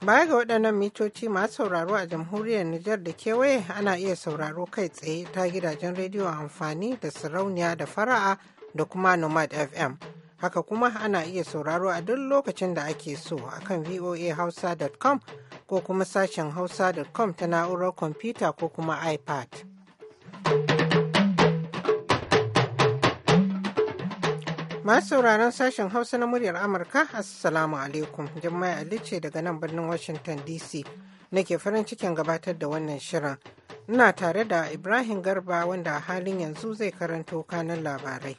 Baya ga waɗannan mitoci masu sauraro a jamhuriyar Nijar da kewaye ana iya sauraro kai tsaye ta gidajen rediyo amfani da sarauniya da fara'a da kuma Nomad FM. Haka kuma ana iya sauraro a duk lokacin da ake so a kan voahausa.com ko kuma sashen hausa.com ta na'urar kwamfuta ko kuma iPad. Masu sauraron sashen Hausa na muryar Amurka, Assalamu alaikum. Jummai Ali ce daga nan birnin Washington DC. Nake farin cikin gabatar da wannan shirin. Ina tare da Ibrahim Garba wanda halin yanzu zai karanto kanan labarai.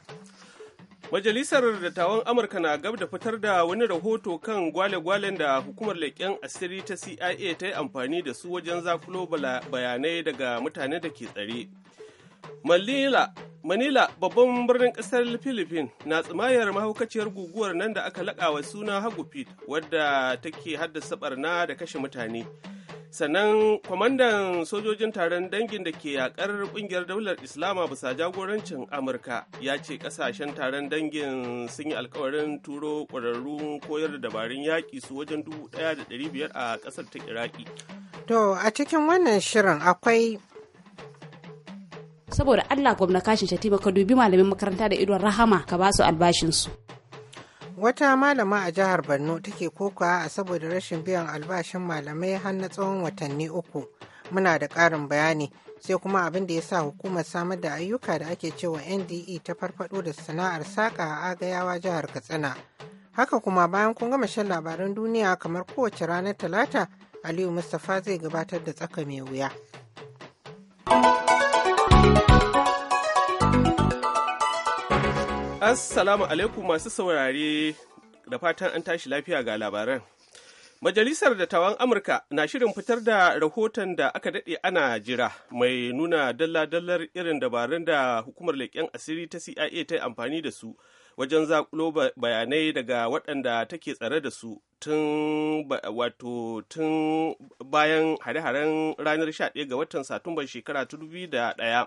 Majalisar Dattawan Amurka na gab da fitar da wani rahoto kan gwale-gwalen da hukumar leƙen asiri ta CIA ta yi amfani da su wajen zakulo bayanai daga mutane da ke tsare. Manila Manila babban birnin kasar Filipin na tsimayar mahaukaciyar guguwar nan da aka wa suna Hagupit wadda take haddasa barna da kashe mutane. Sannan kwamandan sojojin taron dangin da ke Yaƙar kungiyar daular Islama bisa jagorancin Amurka ya ce ƙasashen taron dangin sun yi alkawarin turo ƙwararrun koyar da dabarun yaƙi su wajen 1,500 a ƙasar ta Iraki. To a cikin wannan shirin akwai saboda Allah gwamna kashin shatima ka dubi malamin makaranta da idon rahama ka ba su albashinsu. wata malama a jihar Borno take koka a saboda rashin biyan albashin malamai har na tsawon watanni uku muna da ƙarin bayani sai kuma abin da ya sa hukumar samar da ayyuka da ake cewa NDE ta farfado da sana'ar saƙa a agayawa jihar Katsina haka kuma bayan kun gama shan labaran duniya kamar kowace ranar talata aliyu mustapha zai gabatar da tsaka mai wuya. Assalamu alaikum masu saurare da fatan an tashi lafiya ga labaran. Majalisar Dattawan Amurka na shirin fitar da rahoton da aka daɗe ana jira mai nuna dalla-dallar irin dabarun da hukumar leƙen asiri ta CIA ta yi amfani da su wajen zakulo bayanai daga waɗanda take tsare da su tun bayan hare-haren ranar 11 ga watan Satumban shekara 2001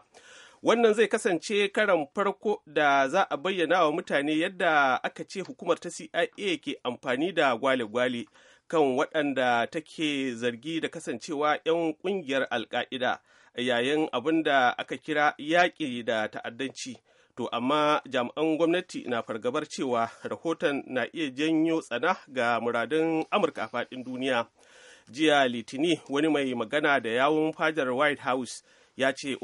wannan zai kasance karan farko da za a bayyana wa mutane yadda aka ce hukumar ta cia ke amfani da gwale-gwale kan waɗanda take zargi da kasancewa 'yan ƙungiyar alka'ida yayin abin da aka kira yaƙi da ta'addanci to amma jami'an gwamnati na fargabar cewa rahoton na iya janyo tsana ga muradun amurka a faɗin duniya jiya litini wani mai magana da yawun fajar white house ya ce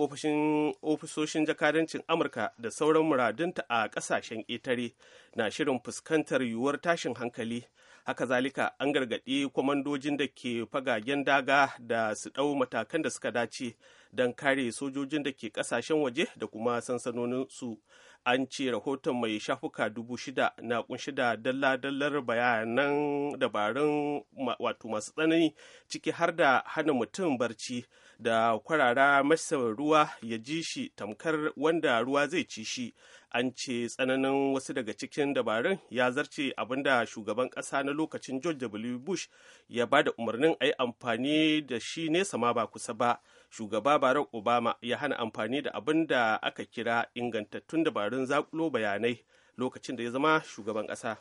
ofisoshin jakadancin amurka da sauran muradunta a ƙasashen ƙetare na shirin fuskantar yiwuwar tashin hankali haka zalika an gargaɗi kwamandojin da ke fagagen daga da su ɗau matakan da suka dace don kare sojojin da ke ƙasashen waje da kuma sansanoninsu an ce rahoton mai shafuka dubu shida na kunshi da dalla-dallar bayanan dabarun wato masu tsanani ciki har da hana mutum barci da kwarara masa ruwa ya ji shi tamkar wanda ruwa zai ci shi an ce tsananin wasu daga cikin dabarun ya zarce abinda shugaban ƙasa na lokacin george w bush ya ba da umarnin a yi amfani da shi nesa ma ba kusa ba shugaba barack obama ya hana amfani da abin da aka kira ingantattun dabarun zaƙulo bayanai lokacin da ya zama shugaban ƙasa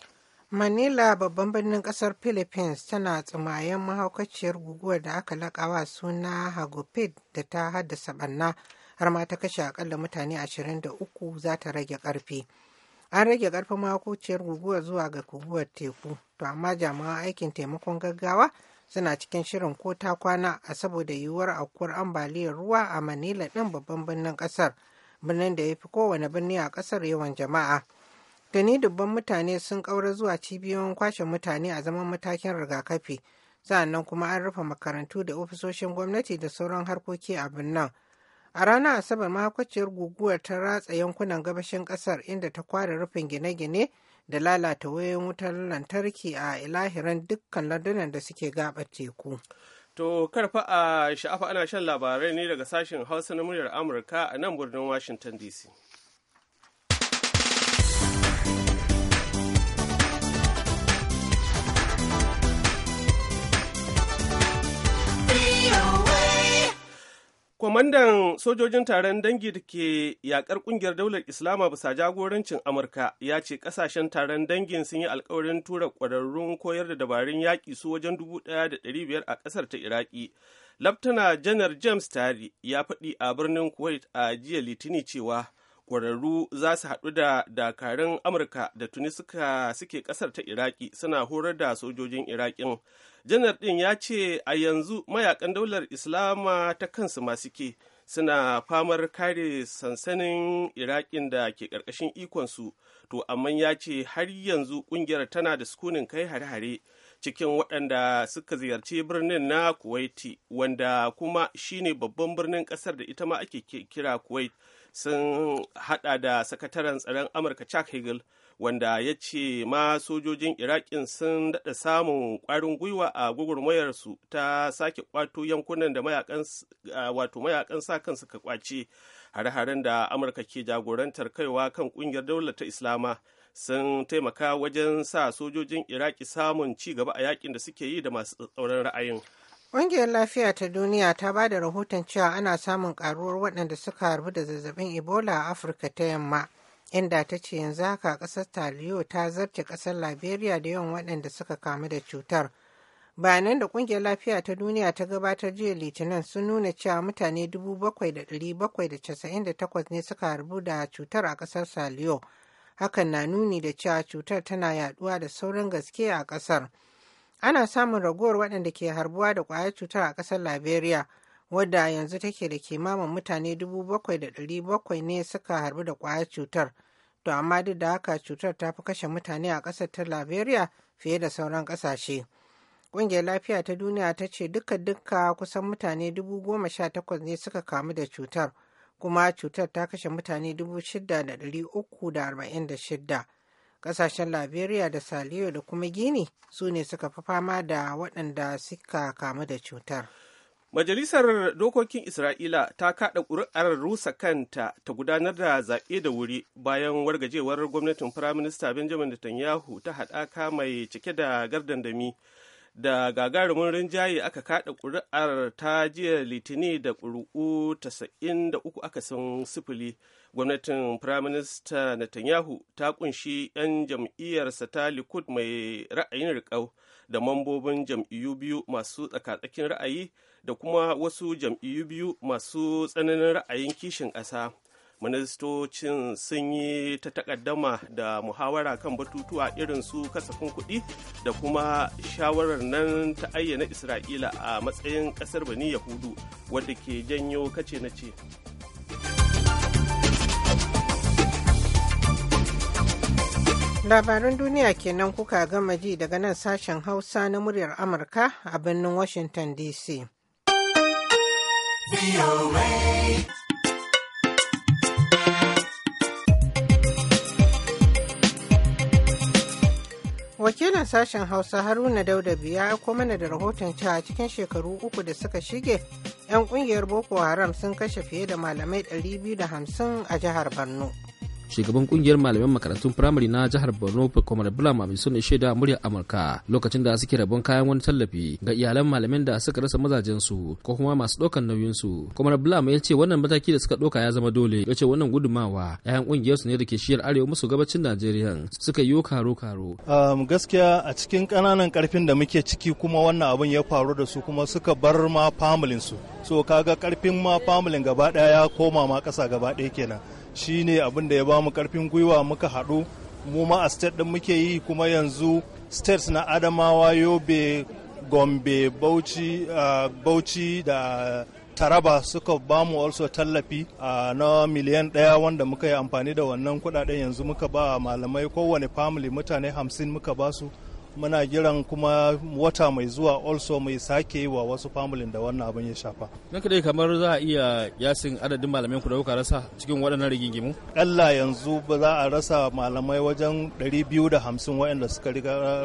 Manila babban birnin kasar Philippines tana tsumayen mahaukaciyar guguwar da aka lakawa suna Hagopid da ta haddasa banna har ma ta kashe akalla mutane 23 za ta rage karfi. An rage karfin mahaukaciyar guguwar zuwa ga guguwar teku, to amma jami'an aikin taimakon gaggawa suna cikin shirin ko ta kwana a saboda yiwuwar aukuwar ambaliyar ruwa a Manila ɗin babban birnin kasar, birnin da ya fi kowane birni a kasar yawan jama'a. da ni dubban mutane sun ƙaura zuwa cibiyoyin kwashe mutane a zaman matakin rigakafi, sa'annan kuma an rufe makarantu da ofisoshin gwamnati da sauran harkoki a birnin. A ranar Asabar mahaukaciyar guguwar ta ratsa yankunan gabashin kasar inda ta kware rufin gine-gine da lalata wayoyin wutar lantarki a ilahiran dukkan lardunan da suke gaba teku. To karfa a sha'afa ana shan labarai ne daga sashen Hausa na muryar Amurka a nan birnin Washington DC. Kwamandan sojojin taron dangi da ke yakar kungiyar daular Islama bisa jagorancin Amurka ya ce kasashen taron dangin sun yi alkawarin tura kwararrun koyar da dabarun yaƙi su wajen 1,500 a ƙasar ta Iraki. Laftana janar James Tari ya faɗi a birnin Kuwait a jiya Litini cewa kwararru za su haɗu da dakarun amurka da tuni suka suke ƙasar ta iraki suna horar da sojojin Irakin, janar ɗin ya ce a yanzu mayakan daular islama ta kansu masu ke suna famar kare sansanin iraƙin da ke ƙarƙashin ikonsu to amma ya ce har yanzu ƙungiyar tana da sukunin kai hare-hare cikin waɗanda suka ziyarci birnin na kuwaiti wanda kuma shine babban birnin ƙasar da ita ma ake kira kuwait sun hada da sakataren tsaron amurka chuck hagel wanda ya ce ma sojojin irakin sun daɗa samun ƙwarin gwiwa a gwagwarmayarsu ta sake kwato yankunan da mayakan sa kan suka kwace hare-haren da amurka ke jagorantar kaiwa kan ƙungiyar daular ta islama sun taimaka wajen sa sojojin iraki samun ci gaba a yakin da suke yi da masu tsauran ra'ayin Ƙungiyar Lafiya ta Duniya ta ba da rahoton cewa ana samun karuwar waɗanda suka harbu da zazzabin Ebola a Afirka ta Yamma, inda ta ce yanzu haka ƙasar Taliyo ta zarce ƙasar Liberia da yawan waɗanda suka kamu da cutar. Bayanan da Ƙungiyar Lafiya ta Duniya ta gabatar jiya Litinin sun nuna cewa mutane dubu bakwai bakwai da da da casa'in takwas ne suka harbu da cutar a ƙasar Saliyo. Hakan na nuni da cewa cutar tana yaɗuwa da saurin gaske a ƙasar. ana samun ragowar waɗanda ke harbuwa da ƙwayar cutar a ƙasar liberia wadda yanzu take da kimanin mutane 7,700 ne suka harbu da ƙwayar cutar to amma duk da haka cutar ta fi kashe mutane a ƙasar ta liberia fiye da sauran ƙasashe ƙungiyar lafiya ta duniya ta ce duka duka kusan mutane 18,000 ne suka kamu da cutar kuma cutar ta kashe mutane 6,346 kasashen liberia da saliyo da kuma gini su ne suka fi fama da waɗanda suka kamu da cutar majalisar dokokin isra'ila ta kaɗa ƙuri'ar rusa kanta ta gudanar da zaɓe da wuri bayan wargajewar gwamnatin firaminista benjamin netanyahu ta haɗaka mai cike da gardandami da gagarumin rinjaye aka kada ƙuri'ar ta jiya litini da ƙuri'u 93 aka sun sifili gwamnatin firaminista netanyahu ta kunshi 'yan jam'iyyarsa ta likud mai ra'ayin riƙau da mambobin jam'iyyu biyu masu tsakatsakin ra'ayi da kuma wasu jam'iyyu biyu masu tsananin ra'ayin kishin ƙasa ministocin sun yi ta takaddama da muhawara kan batutuwa irin su kasafin kuɗi da kuma shawarar nan ta ayyana isra'ila a matsayin ƙasar bani yahudu wadda ke janyo kace na ce labaran duniya kenan kuka gama ji daga nan sashen hausa na muryar amurka a birnin washington dc wakilin sashen hausa haruna dauda biya ya mana da rahoton cewa cikin shekaru uku da suka shige 'yan kungiyar boko haram sun kashe fiye da malamai 250 a jihar borno shugaban kungiyar malaman makarantun firamare na jihar borno kwamar bulama mai suna shaida muryar amurka lokacin da suke rabon kayan wani tallafi ga iyalan malamin da suka rasa mazajensu ko kuma masu ɗaukar nauyinsu kwamar bulama ya ce wannan mataki da suka ɗauka ya zama dole ya ce wannan gudumawa 'ya'yan kungiyarsu ne da ke shiyar arewa musu gabacin najeriya suka yi karo-karo. Um, gaskiya a cikin ƙananan ƙarfin da muke ciki kuma wannan abun ya faru da su kuma suka bar ma familinsu su so kaga ƙarfin ma familin gaba ɗaya ya koma ma ƙasa gaba ɗaya kenan shi ne abin da ya ba mu karfin gwiwa muka haɗu mu ma a state ɗin muke yi kuma yanzu states na adamawa yobe gombe bauchi, bauchi da taraba suka ba mu also tallafi uh, na miliyan ɗaya wanda muka yi amfani da wannan kuɗaɗen yanzu muka ba malamai kowane family mutane hamsin muka ba su muna jiran kuma wata mai zuwa also mai sake yi wa wasu familin da wannan abin ya shafa Nan kadai kamar za a iya yasin adadin malamai ku da kuka rasa cikin waɗannan rigingimu kalla yanzu ba za a rasa malamai wajen 250 waɗanda suka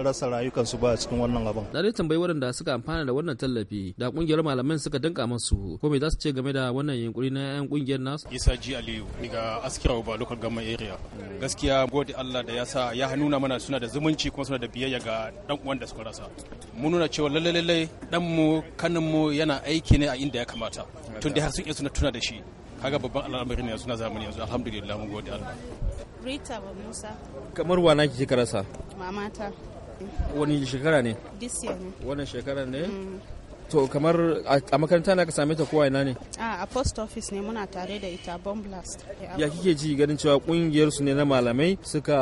rasa rayukansu ba cikin wannan abin na dai tambayi waɗanda suka amfana da wannan tallafi da ƙungiyar malaman suka danka musu ko me za su ce game da wannan yunkuri na yan ƙungiyar nasu isa ji aliyu daga askira ba local government area gaskiya gode Allah da ya sa ya nuna mana suna da zumunci kuma suna da biyayya ga dan uwan da suka rasa mun nuna cewa lalle lalle dan mu kanin mu yana aiki ne a inda ya kamata tun da har sun iya suna tuna da shi kaga babban al'amari ne yanzu na zamani yanzu alhamdulillah mun gode Allah Rita ba Musa kamar wana kike karasa. rasa mamata wani shekara ne this year ne wannan shekara ne mm. to kamar a makaranta na ka same ta kowa ina ne a ah, a post office ne muna tare da ita bomb blast ya kike ji ganin cewa kungiyar su ne na malamai suka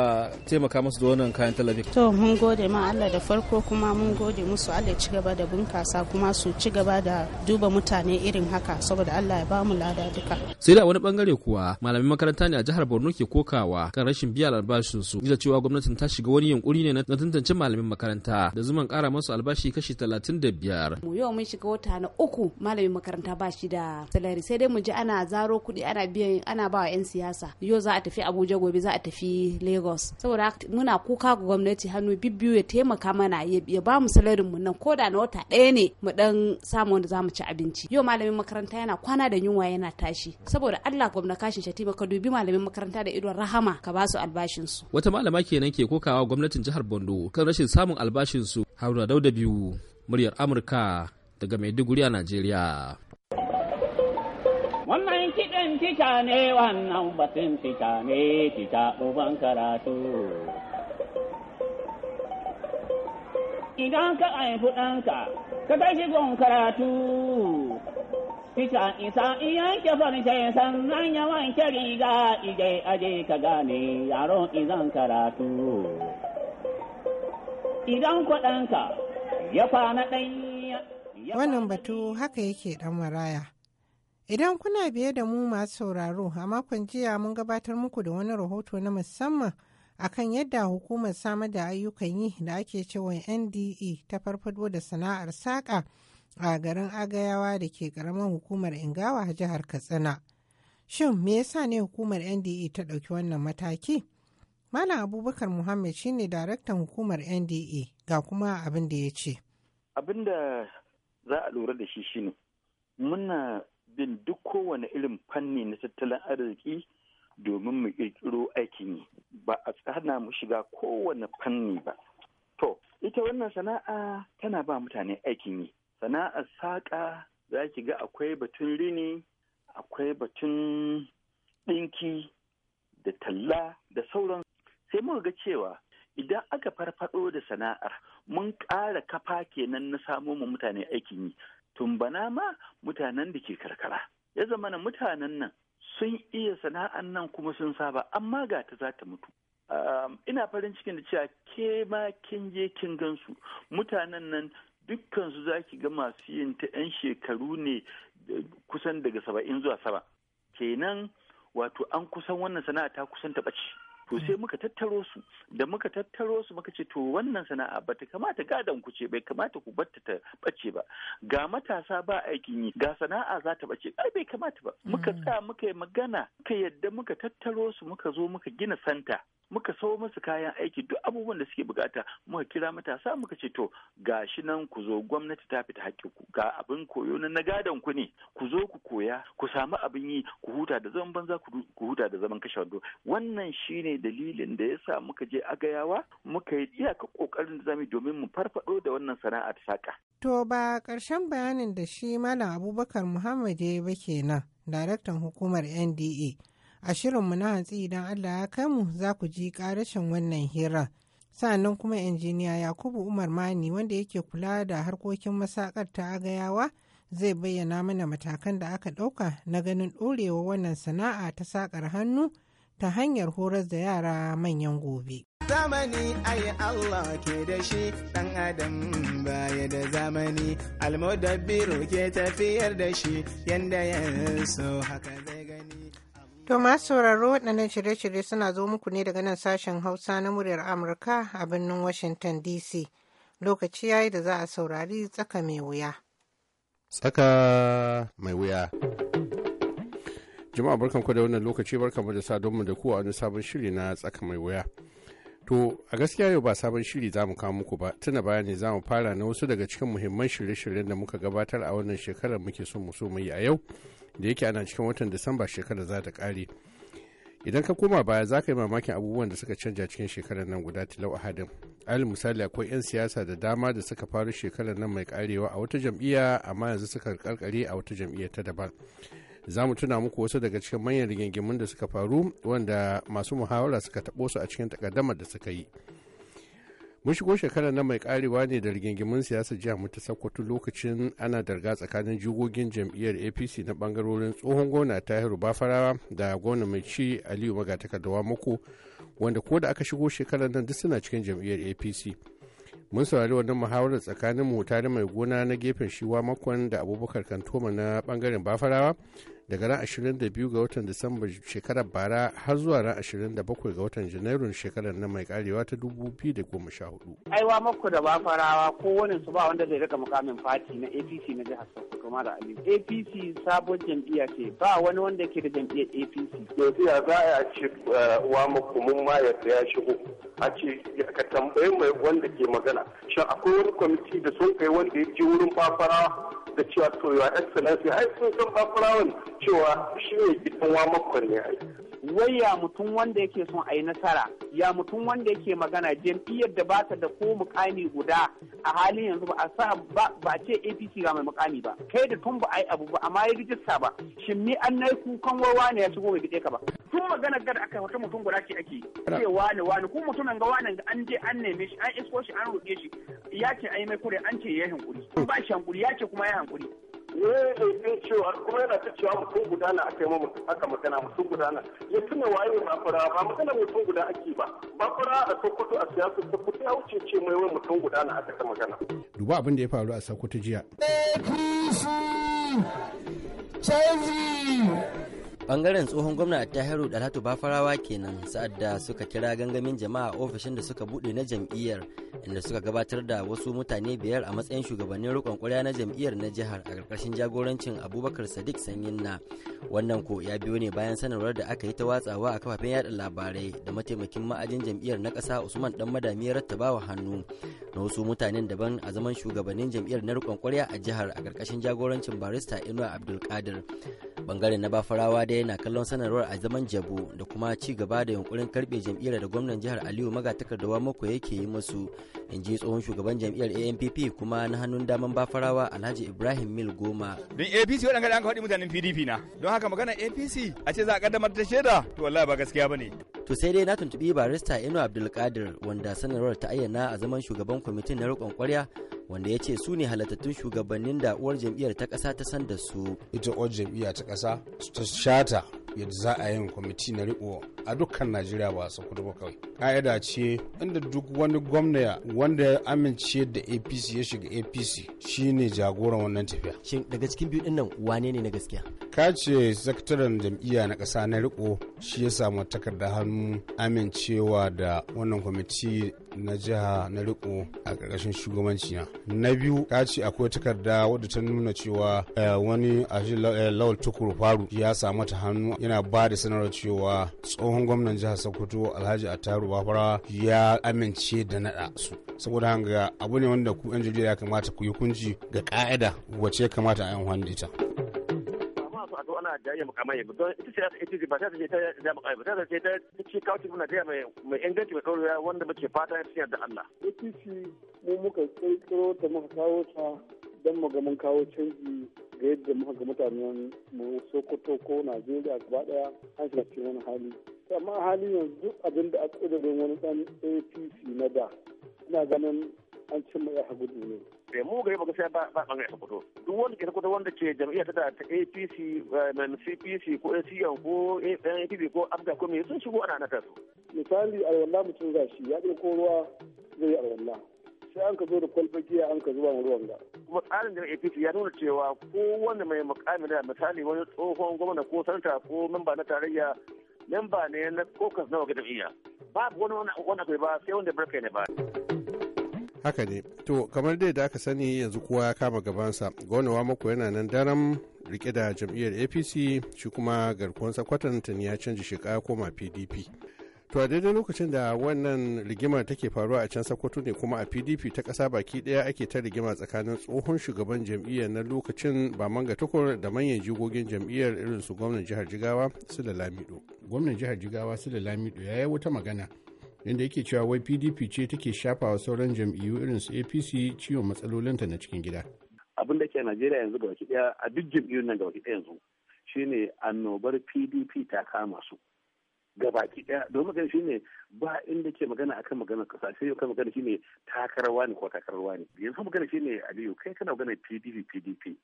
taimaka musu da wannan kayan talabijin to mun gode ma Allah da farko kuma mun gode musu Allah ya ci gaba da bunkasa kuma su ci gaba da duba mutane irin haka saboda Allah ya ba mu lada duka sai da wani bangare kuwa malamai makaranta ne a jihar Borno ke kokawa kan rashin biyan albashin su da cewa gwamnatin ta shiga wani yunkuri ne na tantance malamin makaranta da zuman kara masu albashi kashi 35 mu yau mun shiga wata na uku malamin makaranta ba shi da alkhairi sai dai mu ji ana zaro kuɗi ana biyan ana ba wa 'yan siyasa yau za a tafi abuja gobe za a tafi lagos saboda muna kuka ga gwamnati hannu bibbiyu ya taimaka mana ya ba mu salarin mu nan koda na wata ɗaya ne mu dan samu wanda mu ci abinci yau malamin makaranta yana kwana da yunwa yana tashi saboda Allah gwamna kashin shati ka dubi malamin makaranta da idon rahama ka ba su albashin su wata malama kenan ke kokawa gwamnatin jihar Bondo kan rashin samun albashin su Haruna Dauda biyu muryar Amurka daga Maiduguri a Najeriya batun tica ne wannan batun tica ne tica uban karatu. Idan ka haifi ɗanka, ka kai shi gon karatu. Tica isa iya ke farce sannan ya wanke riga ije aje ka gane yaro izan karatu. Idan kwaɗanka ya kwana ɗanya. Wannan batu haka yake ɗan maraya. Idan kuna biye da mu masu sauraro, a makon jiya mun gabatar muku da wani rahoto na musamman akan yadda hukumar samar da ayyukan yi da ake cewa NDE ta farfado da sana'ar saƙa a garin Agayawa da ke ƙaramin hukumar Ingawa a jihar Katsina. Shin me yasa ne hukumar NDE ta ɗauki wannan mataki? Malam Abubakar Muhammad shine daraktan hukumar NDE ga kuma abin da ya ce. Abin da za a lura da shi shine muna bin duk kowane irin fanni na tattalin arziki domin mu ƙirƙiro aikin yi ba a tsana mu shiga kowane fanni ba to ita wannan sana'a tana ba mutane aikin yi sana'ar saƙa za ki ga akwai batun rini akwai batun ɗinki da talla da sauran sai muka ga cewa idan aka farfado da sana'ar mun ƙara kafa kenan na samo mu mutane aikin yi tumbana ma mutanen da ke karkara ya zama na mutanen nan sun iya sana'an nan kuma sun saba amma ga ta za ta mutu ina farin cikin da cewa ke ma kin je kin gansu mutanen nan dukkansu za ki ga masu yin ta 'yan shekaru ne kusan daga saba'in zuwa saba kenan wato an kusan wannan sana'a ta kusan ta ɓace. to sai muka tattaro su da muka tattaro su muka ce to wannan sana'a ba ta kamata gadon ku ce bai kamata ku batta ta bace ba ga matasa ba aikin yi ga sana'a za ta bace ai bai kamata ba muka mm. tsaya muka yi magana ka yadda muka tattaro su muka zo muka gina santa muka sawo masu kayan aiki duk abubuwan da suke bukata muka kira matasa muka ce to ga shi nan ku zo gwamnati ta fita ku ga abin koyo na gadon ku ne ku zo ku koya ku samu abin yi ku huta da zaman banza ku huta da zaman kashe wando wannan shine dalilin da yasa muka je a gayawa muka yi iyaka kokarin da zamu domin mu farfado da wannan sana'a ta saka to ba karshen bayanin da shi malam abubakar muhammad ya yi ba kenan daraktan hukumar nda a shirinmu na hantsi idan Allah ya kai mu za ku ji ƙarashin wannan hirar. sannan kuma injiniya Yakubu Umar Mani wanda yake kula da harkokin masakar ta agayawa zai bayyana mana matakan da aka ɗauka na ganin ɗorewa wannan sana'a ta sakar hannu ta hanyar horar da yara manyan gobe. zamani ai Allah ke da shi ɗan adam baya da zamani almodabbiru ke tafiyar da shi yanda haka zai To masu sauraro waɗannan shirye-shirye suna zo muku ne daga nan sashen Hausa na muryar Amurka a birnin Washington DC. Lokaci yayi da za a saurari tsaka mai wuya. Tsaka mai wuya. Jama'a barkanku da wannan lokaci barkanmu da mu da ku wani sabon shiri na tsaka mai wuya. To a gaskiya yau ba sabon shiri za mu kawo muku ba tuna baya ne za mu fara na wasu daga cikin muhimman shirye-shiryen da muka gabatar a wannan shekarar muke son mu so mu yi a yau. da yake ana cikin watan disamba shekarar za ta kare idan ka koma baya za ka yi mamakin abubuwan da suka canja cikin shekarar nan guda tilau ahadin al misali akwai 'yan siyasa da dama da suka faru shekarar nan mai karewa a wata jam'iyya amma yanzu suka karkare a wata jam'iyya ta daban za mu tuna muku wasu daga cikin manyan rigingimun da suka faru wanda masu muhawara suka taɓo su a cikin takaddamar da suka yi mun shigo shekarar na mai karewa ne da rigingimin siyasa jiya mu ta sakkwato lokacin ana darga tsakanin jigogin jam'iyyar apc na bangarorin tsohon gona tahiru bafarawa da gona mai ci aliyu magatakardawa mako wanda ko da aka shigo shekarar nan duk suna cikin jam'iyyar apc mun saurari wannan muhawarar tsakanin mu tare mai gona na gefen shiwa makon da abubakar kantoma na bangaren bafarawa daga ran 22 ga watan Disamba shekarar bara har zuwa ran 27 ga watan Janairun shekarar nan mai karewa ta 2014. Aiwa mako da ba farawa wani su ba wanda zai rika mukamin fati na APC na jihar Sokoto Mara ali APC sabon jam'iyya ce ba wani wanda ke da jam'iyyar APC. Yanzu ya za a ce eh, wa mako mun ma ya shigo. a ce ka tambayi mai wanda ke magana shin akwai wani kwamiti da sun kai wanda ya je wurin farawa da cewa to excellence ya ai sun san bakurawan cewa shi ne gidan wa makon ne ai wai ya mutum wanda yake son a yi nasara ya mutum wanda yake magana jam'iyyar da ba da ko mukami guda a halin yanzu ba a sa ba ce apc ga mai mukami ba kai da tun ba a yi abu ba amma ya rijista ba shin ni an yi kukan wai ne ya shigo mai gide ka ba tun magana gada aka wata mutum guda ce ake ce wani wani ko mutumin ga wane ga an je an neme shi an isko shi an roƙe shi ya ce ai mai kure an ce ya hankuri ba shi hankuri ya ce kuma ya hakuri ne eh, ne eh, eh, cewa kuma yana ta cewa mutum guda na aka yi mu aka magana mutum guda na ya tuna waye ba fara ba magana mutum guda ake ba ba fara a sokoto a siyasa sokoto ya wuce ce mai wai mutum guda na aka ta magana. duba abin da ya faru a sokoto jiya. apc canji bangaren tsohon gwamna a tahiru dalhatu bafarawa kenan sa'ad da suka kira gangamin jama'a ofishin da suka bude na jam'iyyar inda suka gabatar da wasu mutane biyar a matsayin shugabannin rikon kwarya na jam'iyyar na jihar a ƙarƙashin jagorancin abubakar sadiq na wannan ko ya biyo ne bayan sanarwar da aka yi ta watsawa a kafafen yada labarai da mataimakin ma'ajin jam'iyyar na ƙasa usman dan madami rattabawa hannu na wasu mutanen daban a zaman shugabannin jam'iyyar na rikon kwarya a jihar a ƙarƙashin jagorancin barista inuwa abdulkadir bangaren na bafarawa dai na kallon sanarwar a zaman jabo da kuma ci gaba da yunkurin karbe jam'iyyar da gwamnan jihar aliyu magatakardawa mako yake yi musu in ji tsohon shugaban jam'iyyar ampp kuma na hannun daman bafarawa alhaji ibrahim mil goma don apc waɗanda an kawo mutanen pdp na don haka magana apc a ce za a kaddamar ta shaida to wallahi ba gaskiya ba ne. to sai dai na tuntubi barista inu abdulkadir wanda sanarwar ta ayyana a zaman shugaban kwamitin na riƙon kwarya wanda ya ce su ne halattattun shugabannin da uwar jam'iyyar ta ƙasa ta san da su ita uwar jam'iyyar ta ƙasa ta shata yadda za a yin kwamiti na riƙo a dukkan najeriya ba sokoto ba kawai ka'ida ce inda duk wani gwamna wanda ya amince da apc ya shiga apc shine jagoran wannan tafiya shin daga cikin biyu dinnan wane ne na gaskiya ka ce sakataren jam'iyya na ƙasa na riko shi ya samu takardar hannu amincewa da wannan kwamiti na jiha na riko a ƙarƙashin shugabanci na na biyu ka ce akwai takarda wadda ta nuna cewa eh, wani shi eh, lawal tukuru faru ya samu ta hannu yana ba da sanarwa cewa tsohon tsohon gwamnan jihar sokoto alhaji attaru bafara ya amince da nada su saboda hanga abu ne wanda ku yan jarida ya kamata ku yi kunji ga ka'ida wacce ya kamata a yan wani ita ana jayayya mukamai yanzu don ita ce ita ce ba ta ce ta da mukamai ba ta ce ta ci kawai muna da mai mai inganci mai kauriya wanda muke fata ya tsaya da Allah ita ce mu muka kirkiro ta muka kawo ta don mu ga mun kawo canji ga yadda muka ga mutanen mu Sokoto ko Najeriya gaba daya an shiga cikin wani hali amma halin yanzu abin da a ƙudurin wani ɗan apc na da ina ganin an cimma ya gudu ne. bai eh, mu gari baka sai ba bangare ta kudu duk wanda ke kudu wanda ke jam'iyyar ta ta APC eh, na CPC ko ACN ko APC ko abda ko me sun shigo ana nata su misali alwala mutum shi ya ko ruwa zai alwala sai an ka zo da kwalbar giya an ka zuba ruwan ga kuma tsarin da APC ya nuna cewa ko wanda mai mukami da misali wani tsohon gwamna ko santa ko memba na tarayya memba ne na kokas na waga jam'iyya babu wani wanda bai ba sai wanda barka ne ba haka ne to kamar dai da aka sani yanzu kowa ya kama gabansa gonawa mako yana nan daram rike da jam'iyyar apc shi kuma garkuwan ne ya canji shekara koma pdp to a daidai lokacin da wannan rigima take faruwa a can sokoto ne kuma a pdp ta kasa baki ɗaya ake ta rigima tsakanin tsohon shugaban jam'iyyar na lokacin ba manga tukur da manyan jigogin jam'iyyar irin su gwamnan jihar jigawa su lamido gwamnan jihar jigawa su lamido ya yi wata magana inda yake cewa wai pdp ce take shafawa sauran jam'iyyu irin su apc ciwon matsalolinta na cikin gida abin da ke a najeriya yanzu ga baki ɗaya a duk jam'iyyun nan ga baki ɗaya yanzu shine annobar pdp ta kama su baki daya domin magana shine ba inda ke magana akan magana kasa sai yau kan magana shine takarwa ne ko takarwa ne yanzu magana shine aliyu kai kana magana pdp pdp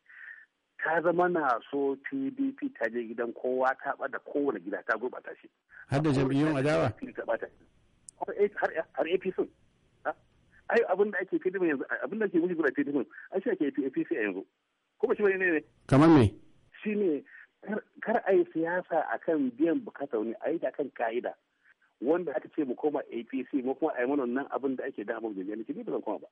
ta zama na so pdp ta je gidan kowa ta bada kowane gida ta gurbata shi har da jam'iyyun adawa har apc ai abin da ake pdp yanzu abin da ake mushi gura pdp an shi ake apc a yanzu kuma shi ne ne kamar me shi ne kar a yi siyasa a kan biyan bukata ne a yi da kan ka'ida wanda aka ce mu koma apc mu kuma a yi mana nan abin da ake damar da jami'a ne ba koma ba.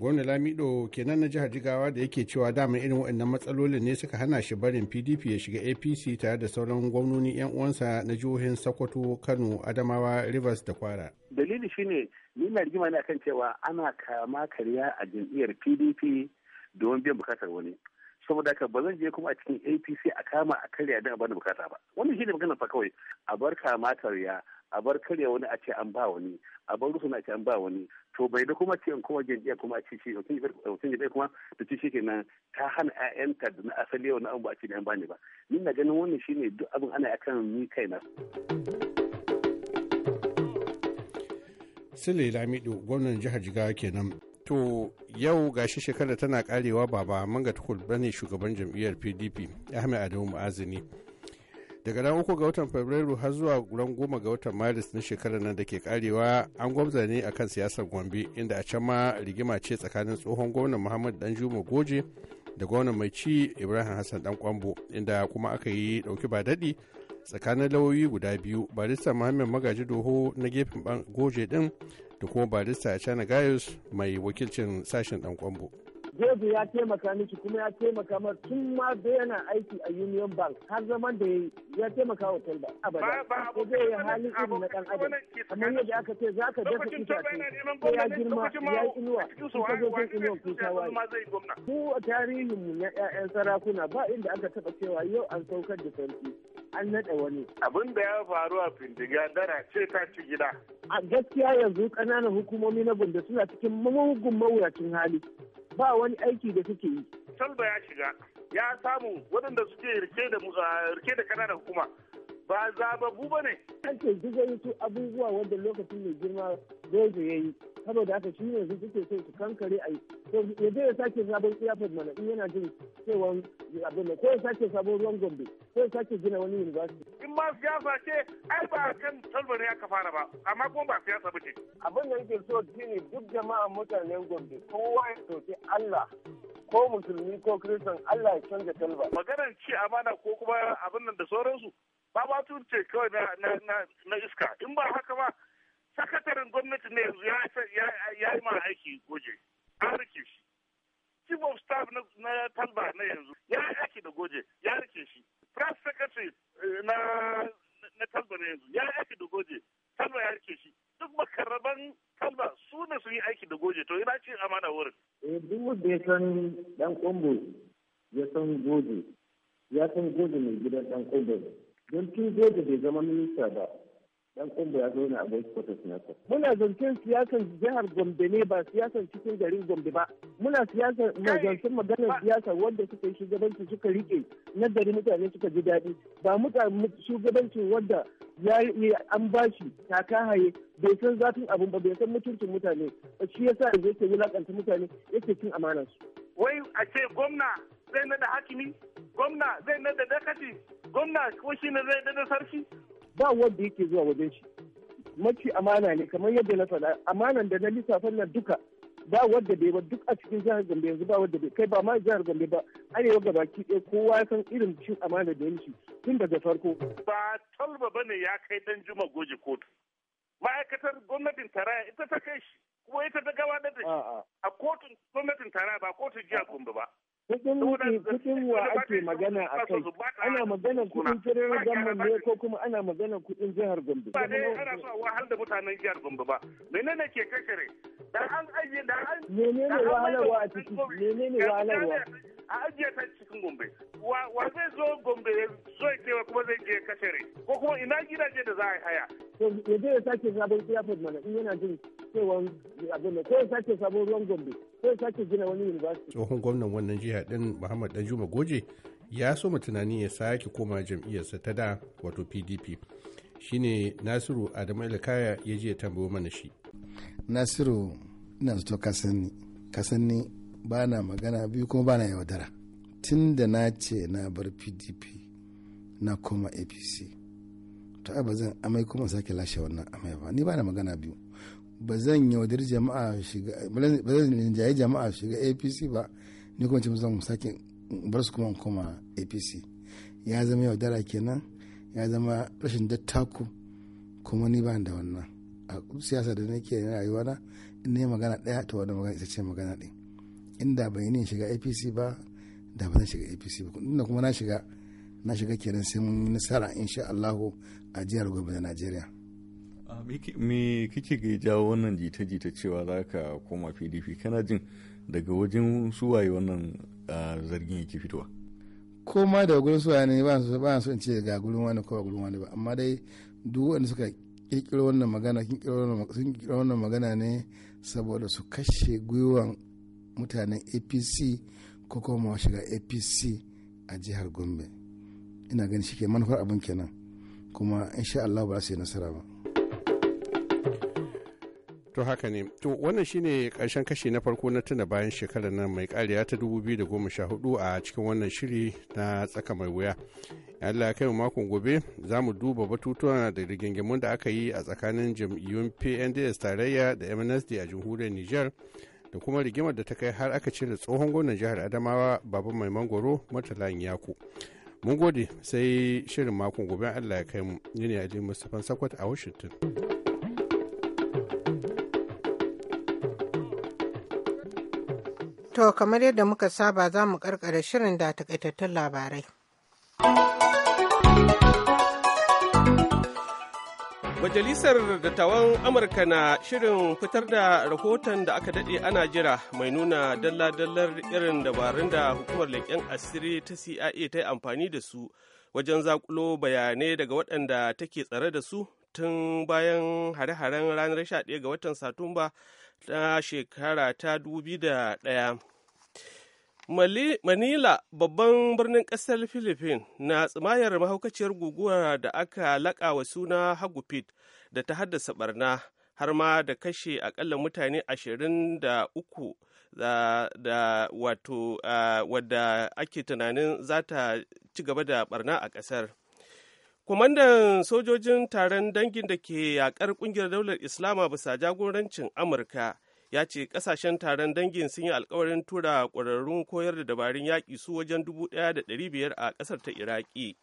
gwamna lamido kenan na jihar jigawa da yake cewa dama irin waɗannan matsalolin ne suka hana shi barin pdp ya shiga apc tare da sauran gwamnoni 'yan uwansa na jihohin sokoto kano adamawa rivers da kwara dalili shine ni na rigima ne akan cewa ana kama karya a jam'iyyar pdp domin biyan bukatar wani saboda haka ba zan je kuma a cikin apc a kama a karya don a bani bukata ba wani shi ne magana fa kawai a bar kamatar ya a bar karya wani a ce an ba wani a bar rusuna a ce an ba wani to bai da kuma ce in kuma jam'iyya kuma a ce shi hutun jibai kuma da ce shikenan ta hana ƴaƴanta da na asali na abu a ce da an bani ba ni na ganin wannan shine duk abin ana akan ni kaina. Sule Lamido gwamnan jihar Jigawa kenan. to yau gashi shekara tana karewa baba manga tukul bane shugaban jam'iyyar pdp ahmed adamu ma'azini daga ran uku ga watan fabrairu har zuwa ran goma ga watan maris na shekarar nan da ke karewa an gwamza ne akan siyasar gombe inda a can ma rigima ce tsakanin tsohon gwamnan muhammad danjuma goje da gwamnan mai ci ibrahim hassan dan kwambo inda kuma aka yi dauki ba daɗi tsakanin lauyoyi guda biyu barista muhammad magaji doho na gefen goje din da kuma barista china gaius mai wakilcin sashen dan kwambo. Jeju ya taimaka miki kuma ya taimaka ma tun ma da yana aiki a Union Bank har zaman da ya taimaka wa Kwalba. Abada. Ko zai yi halin irin na dan adam. Kamar yadda aka ce za ka dafa ce ko ya girma ya yi inuwa kusa zai inuwa kusa waye. Mu a mu na 'ya'yan sarakuna ba inda aka taɓa cewa yau an saukar da sarki. an naɗa wani. Abin da ya faru a bindiga dara ce ta ci gida. A gaskiya yanzu ƙananan hukumomi na bunda suna cikin mugun mawuyacin hali. Ba wani aiki da suke yi. Talba ya shiga ya samu waɗanda suke rike da ƙananan hukuma ba zababu ba ne. Ake duk su abubuwa wanda lokacin mai girma Dojo ya yi saboda haka shi ne ke so su kankare a yi ya je ya sake sabon airport mana in yana jin cewa abin da ko ya sake sabon ruwan gombe ko ya sake gina wani university. in ma siyasa ce ai ba kan talbari aka fara ba amma kuma ba siyasa ba ce. abin da yake so shi ne duk jama'a mutanen gombe kowa ya soke allah ko musulmi ko kiristan allah ya canza talba. maganar ci amana ko kuma abin nan da sauransu babatu ce kawai na iska in ba haka ba sakatarin gwamnati ne yanzu ya yi ma aiki goje a rike shi chief of staff na talba na yanzu ya yi aiki da goje ya rike shi press secretary eh, na talba na yanzu ya yi aiki da goje talba ya rike shi duk makarraban talba su ne sun yi aiki da goje to ina ce amana wurin. Eh, duk wanda ya san dan kombo ya san goje ya san goje mai gidan dan kombo don tun da bai zama minista ba dan kumbu ya zo ne a voice quarters nasa muna zancen siyasan jihar gombe ne ba siyasan cikin garin gombe ba muna siyasan zancen maganar siyasa wanda suka yi shugabanci suka rike na gari mutane suka ji daɗi ba mutane shugabancin wanda ya yi an bashi taka haye bai san zafin abun ba bai san mutuncin mutane shi yasa yanzu yake wulakanta mutane yake cin amanar su wai a ce gwamna zai nada hakimi gwamna zai nada dakati gwamna ko shi ne zai nada sarki ba wanda yake zuwa wajen shi mafi amana ne kamar yadda na faɗa amanan da na lissafin nan duka ba wadda bai ba duk a cikin jihar Gombe yanzu ba wadda bai kai ba ma jihar Gombe ba arewa gabaki ɗaya kowa ya san irin cin amana da yanci tun daga farko ba talba ne ya kai dan juma goje kotu ma'aikatar gwamnatin tarayya ita ta kai shi kuma ita ta gabatar da shi a kotun gwamnatin tarayya ba kotun jihar Gombe ba kudin kudin wa ake magana a kai ana magana kudin jirar gamban ne ko kuma ana magana kudin jihar gombe ba dai ana so wahal da mutanen jihar gombe ba menene ke kakare da an ajiye da an menene wahalarwa a ciki menene wahalarwa a ajiye ta cikin gombe wa zai zo gombe ya zo ya kewa kuma zai je kashere ko kuma ina gidaje da za a haya. ya je ya sake sabon airport mana in yana jin cewa abin da ko ya sake sabon ruwan gombe ko ya sake gina wani university. tsohon gwamnan wannan jiha din muhammad danjuma goje ya so mu tunani ya sake koma jam'iyyarsa ta da wato pdp shine nasiru adamu ilkaya ya je ya tambayo mana shi nasiru ina zato ka sani ba na magana biyu kuma ba na yaudara tun da na ce na bar pdp na koma apc to a ba zan amai kuma sake lashe wannan amai ba ni ba na magana biyu ba zan yaudari jama'a shiga ba zan jama'a shiga apc ba ni kuma cikin zan sake bar su kuma koma apc ya zama yaudara kenan ya zama rashin dattaku kuma ni ba da wannan a siyasa da nake rayuwa na ne magana daya to wannan magana ita ce magana din inda ban yi shiga apc ba da ba zan shiga apc ba inda kuma na shiga na shiga kenan sai mun yi nasara insha allahu a jihar gobe da najeriya me kike ga jawo wannan jita-jita cewa za ka koma pdp kana jin daga wajen suwaye wannan zargin yake fitowa koma da gurin suwaye ne ba su in ce ga gurin wani ko gurin wani ba amma dai duk wanda suka kirkiro wannan magana sun kirkiro wannan magana ne saboda su kashe gwiwan mutanen apc ko kuma shiga apc a jihar gombe ina ganin shi ke manufar abin kenan kuma insha Allah ba su yi nasara ba to haka ne to wannan shine karshen kashi na farko na tuna bayan shekarar nan mai kariya ta 2014 a cikin wannan shiri na tsaka mai wuya Allah ya kai makon gobe za mu duba batutuwa da rigingimun da aka yi a tsakanin jam'iyyun PNDS tarayya da MNSD a jamhuriyar niger. da kuma rigimar da ta kai har aka cire tsohon gwamnan jihar adamawa baba mai mangoro murtalayin yaku mun gode sai shirin makon gobe allah ya kai mu ni ne ali mustapha sakwat a washington to kamar yadda muka saba za mu karkara shirin da takaitattun labarai Majalisar Dattawan Amurka na shirin fitar da rahoton da aka daɗe ana jira mai nuna dalla-dallar irin dabarun da hukumar leƙen asiri ta CIA ta yi amfani da su wajen zakulo bayanai daga waɗanda take tsare da su tun bayan hare-haren ranar 11 ga watan Satumba ta shekara ta 2001. Manila babban birnin ƙasar Philippines na tsimayar mahaukaciyar guguwar da aka laƙa wa suna Hagupit da ta haddasa barna har ma da kashe akalla mutane ashirin da uku da wato wadda ake tunanin za ta ci gaba da barna a ƙasar. Kwamandan sojojin taron dangin da ke yakar ƙungiyar daular Islama bisa jagorancin Amurka ya ce kasashen taron dangin sun yi alkawarin tura ƙwararrun koyar da dabarun yaƙi su wajen 1,500 a ƙasar ta iraki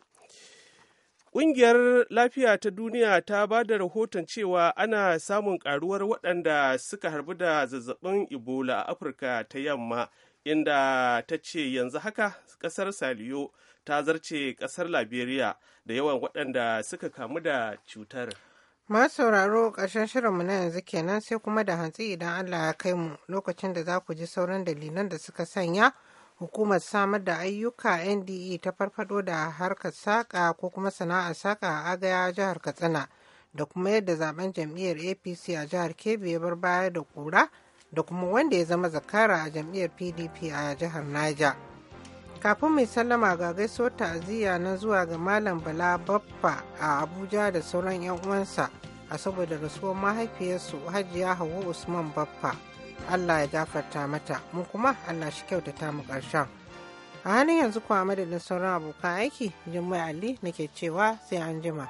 Ƙungiyar Lafiya ta Duniya ta ba da rahoton cewa ana samun ƙaruwar waɗanda suka harbi da zazzabin Ebola a Afirka ta yamma, inda ta ce yanzu haka ƙasar Saliyo ta zarce ƙasar Liberia da yawan waɗanda suka kamu da cutar. Ma sauraro ƙarshen shirinmu na yanzu kenan sai kuma da hantsi idan Allah ya kai mu lokacin da za ku ji sauran dalilan da suka sanya hukumar samar da ayyuka NDE ta farfado da harkar saƙa ko kuma sana'ar saƙa a agaya jihar Katsina da kuma yadda zaben jam'iyyar APC a jihar Kebbi ya bar baya da ƙura da kuma wanda ya zama zakara a jam'iyyar PDP a jihar Niger. kafin mai sallama ga gaisuwar ta'aziyya na zuwa ga malam bala baffa a abuja da sauran 'yan uwansa a saboda rasuwar mahaifiyarsu hajiya hawa usman baffa allah ya gafarta mata mu kuma allah shi kyauta ta mu ƙarshen a hannun yanzu kuwa madadin sauran abokan aiki Jummai ali nake cewa sai an jima.